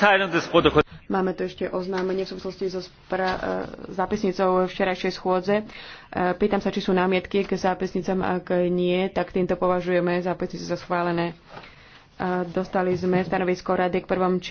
Máme tu ešte oznámenie v súvislosti so spra- e, zápisnicou včerajšej schôdze. E, pýtam sa, či sú námietky k zápisnicám. Ak nie, tak týmto považujeme zápisnice za schválené. E, dostali sme stanovisko rady k prvom či